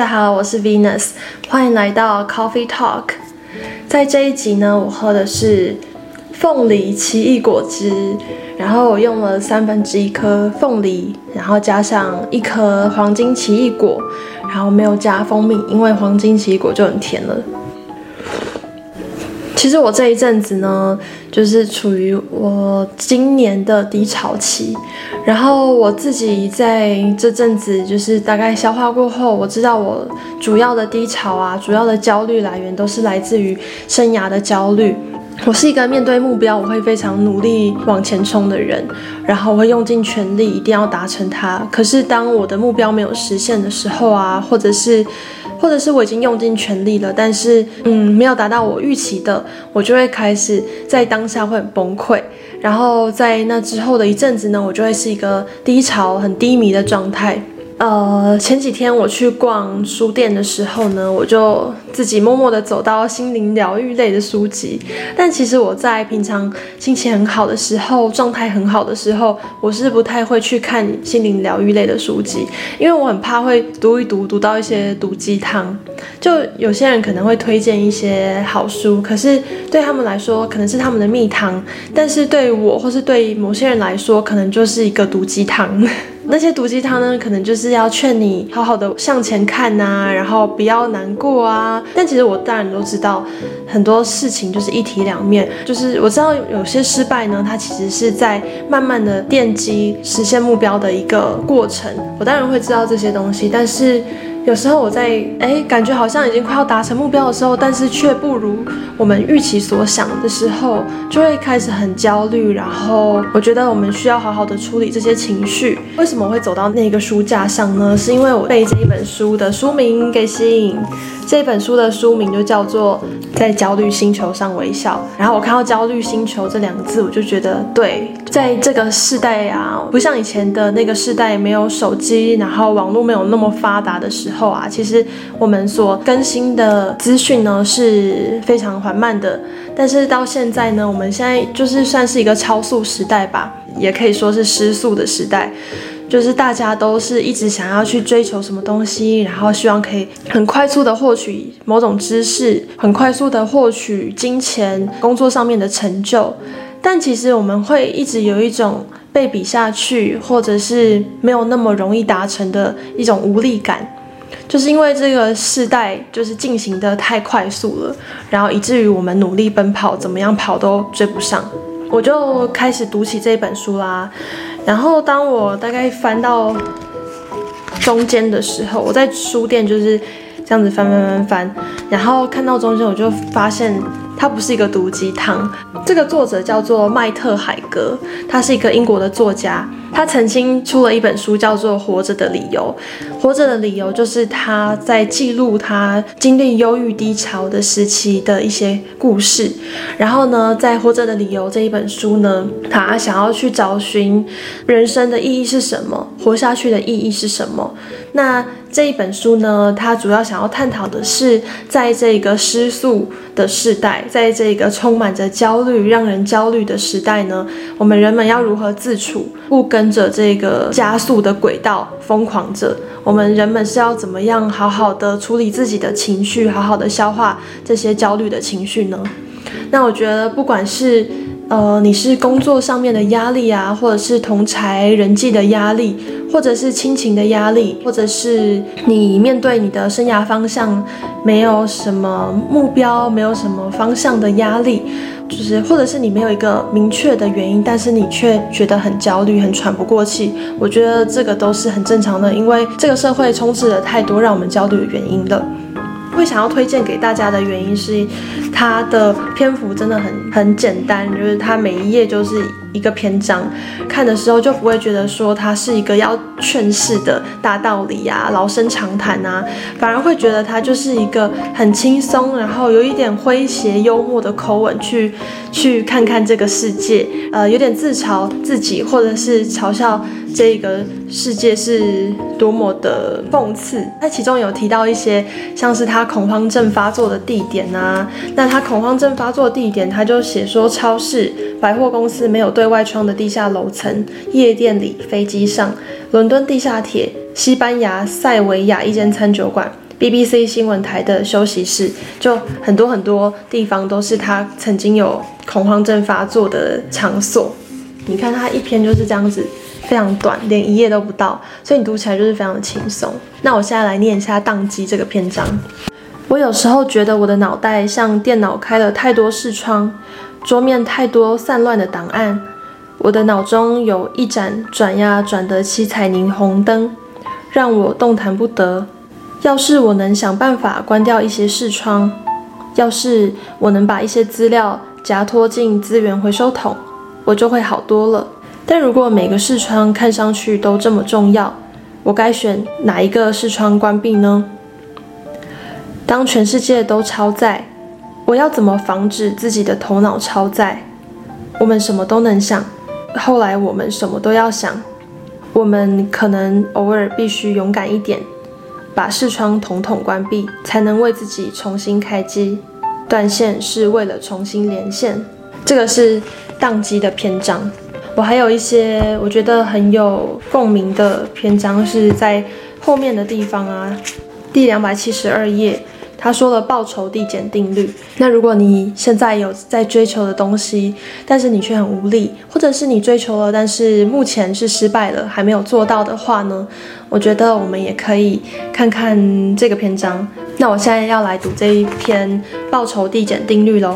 大家好，我是 Venus，歡迎來到 Coffee Talk。在這一集呢，我喝的是鳳梨奇異果汁，然後我用了三分之一顆鳳梨，然後加上一顆黃金奇異果，然後沒有加蜂蜜，因為黃金奇異果就很甜了。其實我這一陣子呢，就是處於我今年的低潮期。然後我自己在這陣子就是大概消化過後，我知道我主要的低潮啊，主要的焦慮來源都是來自於生涯的焦慮。我是一個面對目標，我會非常努力往前衝的人，然後我會用盡全力，一定要達成它。可是當我的目標沒有實現的時候啊，或者是，或者是我已經用盡全力了，但是嗯，沒有達到我預期的，我就會開始在當下會很崩潰，然後在那之後的一陣子呢，我就會是一個低潮、很低迷的狀態。呃，前幾天我去逛書店的時候呢，我就自己默默的走到心靈療癒類的書籍。但其實我在平常心情很好的時候，狀態很好的時候，我是不太會去看心靈療癒類的書籍，因為我很怕會讀一讀讀到一些毒雞湯。就有些人可能會推薦一些好書，可是對他們來說可能是他們的蜜糖，但是對我或是對某些人來說，可能就是一個毒雞湯。那些毒雞湯呢，可能就是要勸你好好的向前看吶啊，然後不要難過啊。但其實我當然都知道，很多事情就是一體兩面。就是我知道有些失敗呢，它其實是在慢慢的奠基實現目標的一個過程。我當然會知道這些東西，但是。有時候我在哎，感覺好像已經快要達成目標的時候，但是却不如我們預期所想的時候，就會開始很焦慮。然後我覺得我們需要好好的處理這些情緒。為什麼會走到那個書架上呢？是因為我被這一本書的書名給吸引。這本書的書名就叫做《在焦慮星球上微笑》。然後我看到“焦慮星球”這兩個字，我就覺得，對，在這個世代啊，不像以前的那個世代，沒有手機，然後網絡沒有那麼發達的時候。後啊，其實我們所更新的資訊呢，是非常緩慢的，但是到現在呢，我們現在就是算是一個超速時代吧，也可以說是失速的時代，就是大家都是一直想要去追求什麼東西，然後希望可以很快速的獲取某種知識，很快速的獲取金錢、工作上面的成就，但其實我們會一直有一種被比下去，或者是沒有那麼容易達成的一種無力感。就是因為這個世代就是進行得太快速了，然後以至於我們努力奔跑，怎麼樣跑都追不上。我就開始讀起這本書啦。然後當我大概翻到中間的時候，我在書店就是這樣子翻翻翻翻，然後看到中間，我就發現它不是一個毒雞湯。這個作者叫做麥特海格，他是一個英國的作家。他曾經出了一本書，叫做《活着的理由》。《活着的理由》就是他在記錄他經歷憂鬱低潮的時期的一些故事。然後呢，在《活着的理由》這一本書呢，他想要去找尋人生的意義是什麼，活下去的意義是什麼。那這一本書呢，它主要想要探討的是，在這個失速的時代，在這個充滿着焦慮、讓人焦慮的時代呢，我們人們要如何自處，不跟着這個加速的軌道瘋狂着。我們人們是要怎麼樣好好的處理自己的情緒，好好的消化這些焦慮的情緒呢？那我覺得不管是。呃，你是工作上面的壓力啊，或者是同儕人際的壓力，或者是親情的壓力，或者是你面對你的生涯方向沒有什麼目標、沒有什麼方向的壓力，就是或者是你沒有一個明確的原因，但是你卻覺得很焦慮、很喘不過氣。我覺得這個都是很正常的，因為這個社會充斥了太多讓我們焦慮的原因了。會想要推薦給大家的原因是，它的篇幅真的很很簡單，就是它每一頁就是一個篇章，看的時候就不會覺得說它是一個要勸世的大道理啊、老生常談啊，反而會覺得它就是一個很輕鬆，然後有一點詼諧幽默的口吻去去看看這個世界，呃，有點自嘲自己或者是嘲笑，這個世界是多麼的諷刺！那其中有提到一些，像是他恐慌症發作的地點啊，那他恐慌症發作的地點，他就寫說超市、百貨公司沒有對外窗的地下樓層、夜店裡、飛機上、倫敦地下鐵、西班牙塞維亞一間餐酒館、BBC 新聞台的休息室，就很多很多地方都是他曾經有恐慌症發作的場所。你看他一篇就是這樣子。非常短，連一頁都不到，所以你讀起來就是非常的輕鬆。那我現在來念一下《宕機》這個篇章。我有時候覺得我的腦袋像電腦開了太多視窗，桌面太多散亂的檔案。我的腦中有一盞轉呀轉的七彩霓虹燈，讓我動彈不得。要是我能想辦法關掉一些視窗，要是我能把一些資料夾拖進資源回收桶，我就會好多了。但如果每個視窗看上去都這麼重要，我該選哪一個視窗關閉呢？當全世界都超載，我要怎麼防止自己的頭腦超載？我們什麼都能想，後來我們什麼都要想。我們可能偶爾必須勇敢一點，把視窗統統關閉，才能為自己重新開機。斷線是為了重新連線，這個是當機的篇章。我還有一些我覺得很有共鳴的篇章是在後面的地方啊，第兩百七十二頁，他說了報酬遞減定律。那如果你現在有在追求的東西，但是你卻很無力，或者是你追求了，但是目前是失敗了，還沒有做到的話呢？我覺得我們也可以看看這個篇章。那我現在要來讀這一篇報酬遞減定律嘍。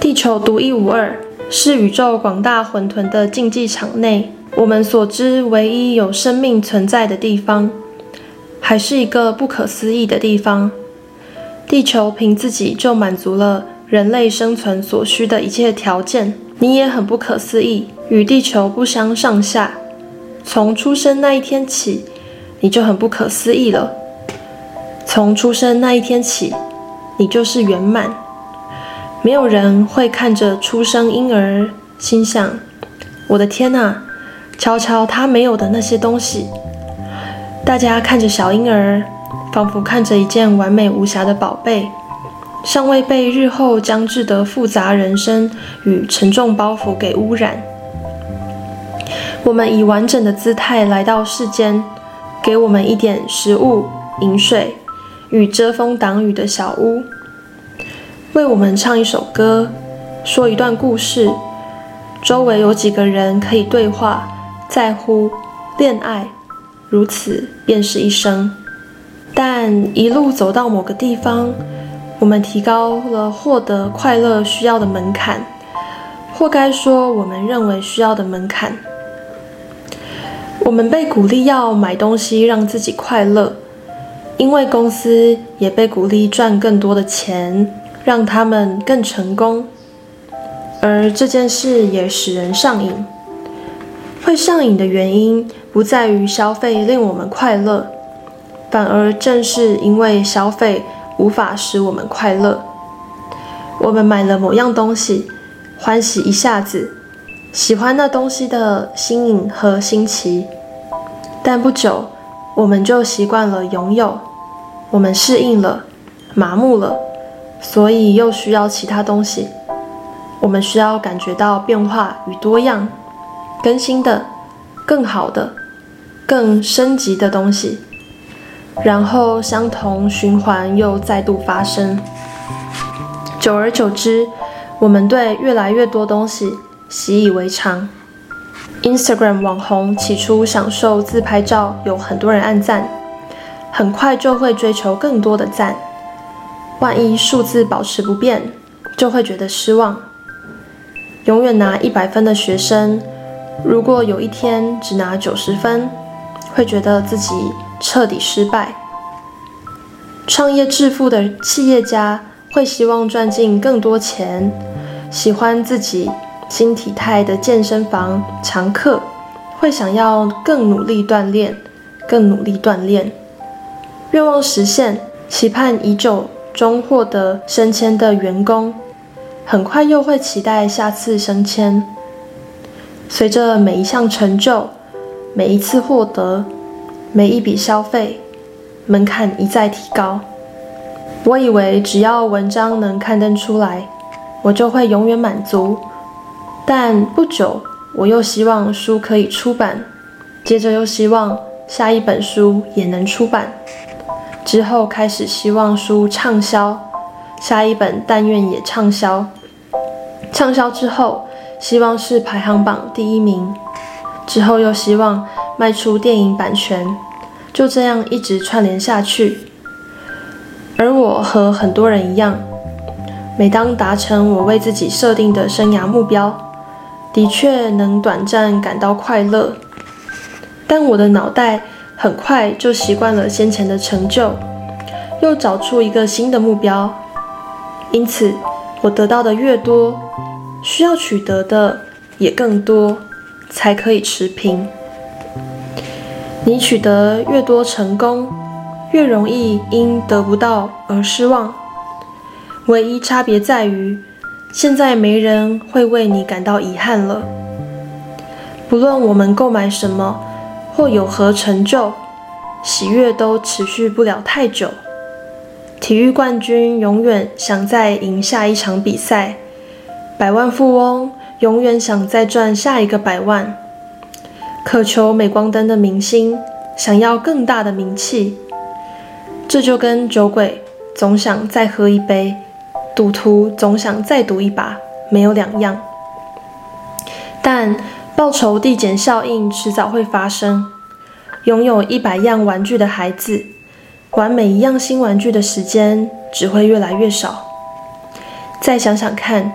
地球獨一無二。是宇宙廣大混沌的競技場內，我們所知唯一有生命存在的地方，還是一個不可思議的地方。地球憑自己就滿足了人類生存所需的一切條件，你也很不可思議，與地球不相上下。從出生那一天起，你就很不可思議了。從出生那一天起，你就是圓滿。沒有人會看着出生嬰兒，心想：“我的天啊，瞧瞧他沒有的那些東西。”大家看着小嬰兒，仿佛看着一件完美無瑕的寶貝，尚未被日後將至的複雜人生與沉重包袱給污染。我們以完整的姿態來到世間，給我們一點食物、飲水與遮風擋雨的小屋。為我們唱一首歌，說一段故事，周圍有幾個人可以對話，在乎戀愛，如此便是一生。但一路走到某個地方，我們提高了獲得快樂需要的門檻，或該說我們認為需要的門檻。我們被鼓勵要買東西讓自己快樂，因為公司也被鼓勵賺更多的錢。讓他們更成功，而這件事也使人上癮。會上癮的原因不在於消費令我們快樂，反而正是因為消費無法使我們快樂。我們買了某樣東西，歡喜一下子，喜歡那東西的新穎和新奇，但不久我們就習慣了擁有，我們適應了，麻木了。所以又需要其他東西，我們需要感覺到變化與多樣，更新的、更好的、更升級的東西，然後相同循環又再度發生。久而久之，我們對越來越多東西習以為常。Instagram 網紅起初享受自拍照，有很多人按讚，很快就會追求更多的讚。萬一數字保持不變，就會覺得失望。永遠拿一百分的學生，如果有一天只拿九十分，會覺得自己徹底失敗。創業致富的企業家會希望賺進更多錢。喜歡自己新體態的健身房常客，會想要更努力鍛煉，更努力鍛煉。願望實現，期盼已久中獲得升遷的員工，很快又會期待下次升遷。隨着每一項成就、每一次獲得、每一筆消費，門檻一再提高。我以為只要文章能刊登出來，我就會永遠滿足。但不久，我又希望書可以出版，接着又希望下一本書也能出版。之後開始希望書暢銷，下一本但願也暢銷。暢銷之後，希望是排行榜第一名。之後又希望賣出電影版權，就這樣一直串聯下去。而我和很多人一樣，每當達成我為自己設定的生涯目標，的確能短暫感到快樂，但我的腦袋。很快就習慣了先前的成就，又找出一個新的目標。因此，我得到的越多，需要取得的也更多，才可以持平。你取得越多成功，越容易因得不到而失望。唯一差別在於，現在沒人會為你感到遺憾了。不論我們購買什麼。若有何成就，喜悅都持續不了太久。體育冠軍永遠想再贏下一場比賽，百萬富翁永遠想再賺下一個百萬，渴求鎂光燈的明星想要更大的名氣，這就跟酒鬼總想再喝一杯，賭徒總想再賭一把沒有兩樣。但。報酬遞減效應遲早會發生。擁有一百樣玩具的孩子，玩每一樣新玩具的時間只會越來越少。再想想看，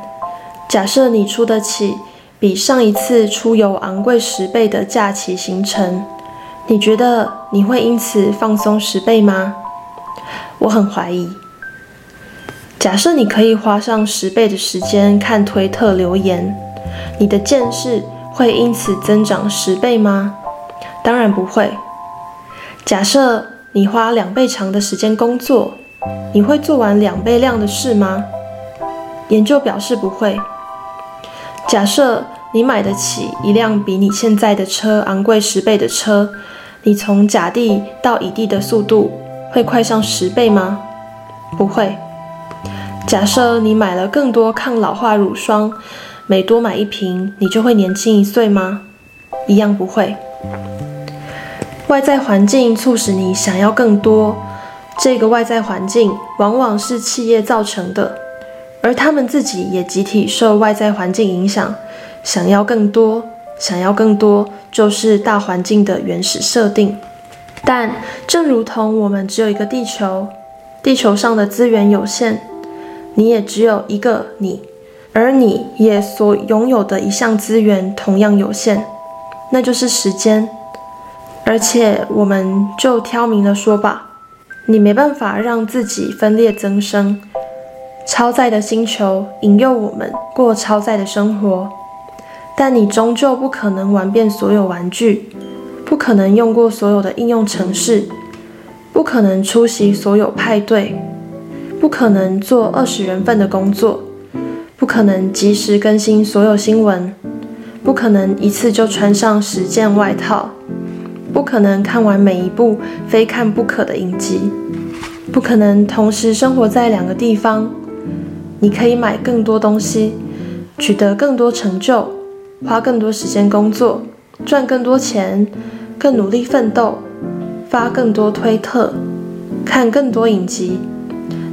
假設你出得起比上一次出遊昂貴十倍的假期行程，你覺得你會因此放鬆十倍嗎？我很懷疑。假設你可以花上十倍的時間看推特留言，你的見識。會因此增長十倍嗎？當然不會。假設你花兩倍長的時間工作，你會做完兩倍量的事嗎？研究表示不會。假設你買得起一輛比你現在的車昂貴十倍的車，你從甲地到乙地的速度會快上十倍嗎？不會。假設你買了更多抗老化乳霜。每多買一瓶，你就會年輕一歲嗎？一樣不會。外在環境促使你想要更多，這個外在環境往往是企業造成的，而他們自己也集體受外在環境影響，想要更多，想要更多，就是大環境的原始設定。但正如同我們只有一個地球，地球上的資源有限，你也只有一個你。而你也所擁有的一項資源同樣有限，那就是時間。而且我們就挑明了說吧，你沒辦法讓自己分裂增生。超載的星球引誘我們過超載的生活，但你終究不可能玩遍所有玩具，不可能用過所有的應用程式，不可能出席所有派對，不可能做二十人份的工作。不可能及時更新所有新聞，不可能一次就穿上十件外套，不可能看完每一部非看不可的影集，不可能同時生活在兩個地方。你可以買更多東西，取得更多成就，花更多時間工作，賺更多錢，更努力奮鬥，發更多推特，看更多影集。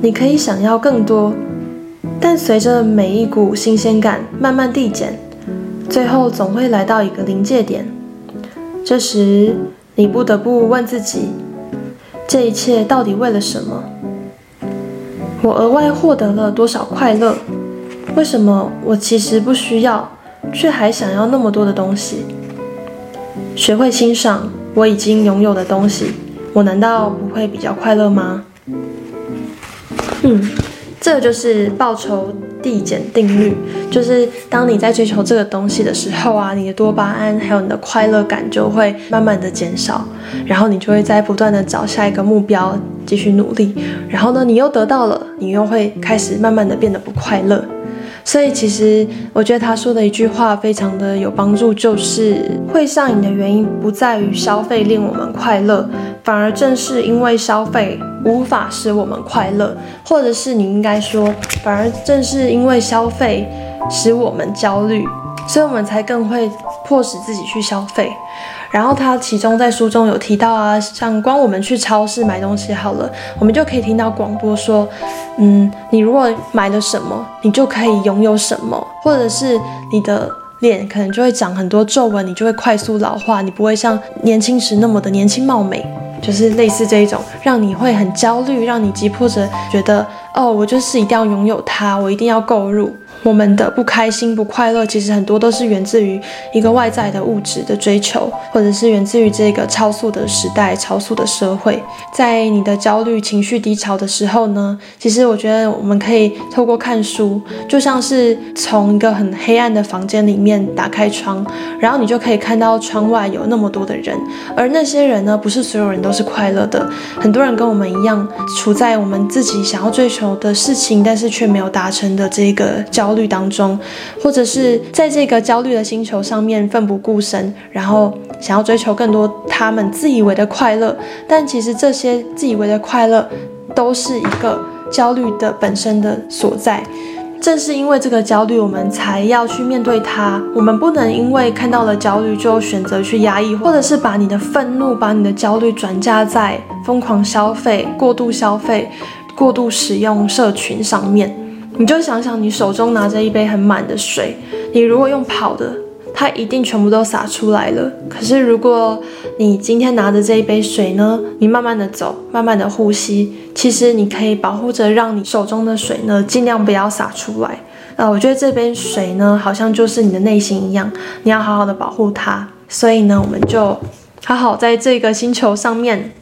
你可以想要更多。但隨着每一股新鮮感慢慢遞減，最後總會來到一個臨界點。這時，你不得不問自己：這一切到底為了什麼？我額外獲得了多少快樂？為什麼我其實不需要，卻還想要那麼多的東西？學會欣賞我已經擁有的東西，我難道不會比較快樂嗎？嗯。這就是報酬遞減定律，就是當你在追求這個東西的時候啊，你的多巴胺還有你的快樂感就會慢慢的減少，然後你就會再不斷的找下一個目標繼續努力，然後呢，你又得到了，你又會開始慢慢的變得不快樂。所以其實我覺得他說的一句話非常的有幫助，就是會上癮的原因不在於消費令我們快樂。反而正是因為消費無法使我們快樂，或者是你應該說，反而正是因為消費使我們焦慮，所以我們才更會迫使自己去消費。然後他其中在書中有提到啊，像光我們去超市買東西好了，我們就可以聽到廣播說，嗯，你如果買了什麼，你就可以擁有什麼，或者是你的臉可能就會長很多皺紋，你就會快速老化，你不會像年輕時那麼的年輕貌美。就是類似這一種，讓你會很焦慮，讓你急迫着覺得，哦，我就是一定要擁有它，我一定要購入。我們的不開心、不快樂，其實很多都是源自於一個外在的物質的追求，或者是源自於這個超速的時代、超速的社會。在你的焦慮、情緒低潮的時候呢，其實我覺得我們可以透過看書，就像是從一個很黑暗的房間裡面打開窗，然後你就可以看到窗外有那麼多的人，而那些人呢，不是所有人都是快樂的，很多人跟我們一樣，處在我們自己想要追求的事情，但是卻沒有達成的這個焦。焦慮當中，或者是在這個焦慮的星球上面奮不顧身，然後想要追求更多他們自以為的快樂，但其實這些自以為的快樂都是一個焦慮的本身的所在。正是因為這個焦慮，我們才要去面對它。我們不能因為看到了焦慮就選擇去壓抑，或者是把你的憤怒、把你的焦慮轉嫁在瘋狂消費、過度消費、過度使用社群上面。你就想想，你手中拿着一杯很滿的水，你如果用跑的，它一定全部都灑出來了。可是如果你今天拿着這一杯水呢，你慢慢的走，慢慢的呼吸，其實你可以保護着，讓你手中的水呢，盡量不要灑出來。呃，我覺得這杯水呢，好像就是你的內心一樣，你要好好的保護它。所以呢，我們就好好在這個星球上面。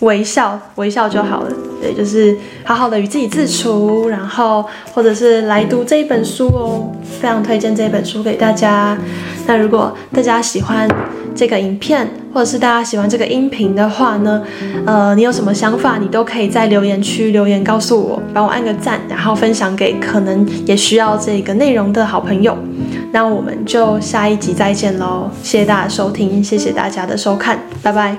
微笑，微笑就好了。對，就是好好的與自己自處，然後或者是來讀這一本書哦，非常推薦這一本書給大家。那如果大家喜歡這個影片，或者是大家喜歡這個音頻的話呢，呃，你有什麼想法，你都可以在留言區留言告訴我，幫我按個讚，然後分享給可能也需要這個內容的好朋友。那我們就下一集再見嘍，謝謝大家收聽，謝謝大家的收看，拜拜。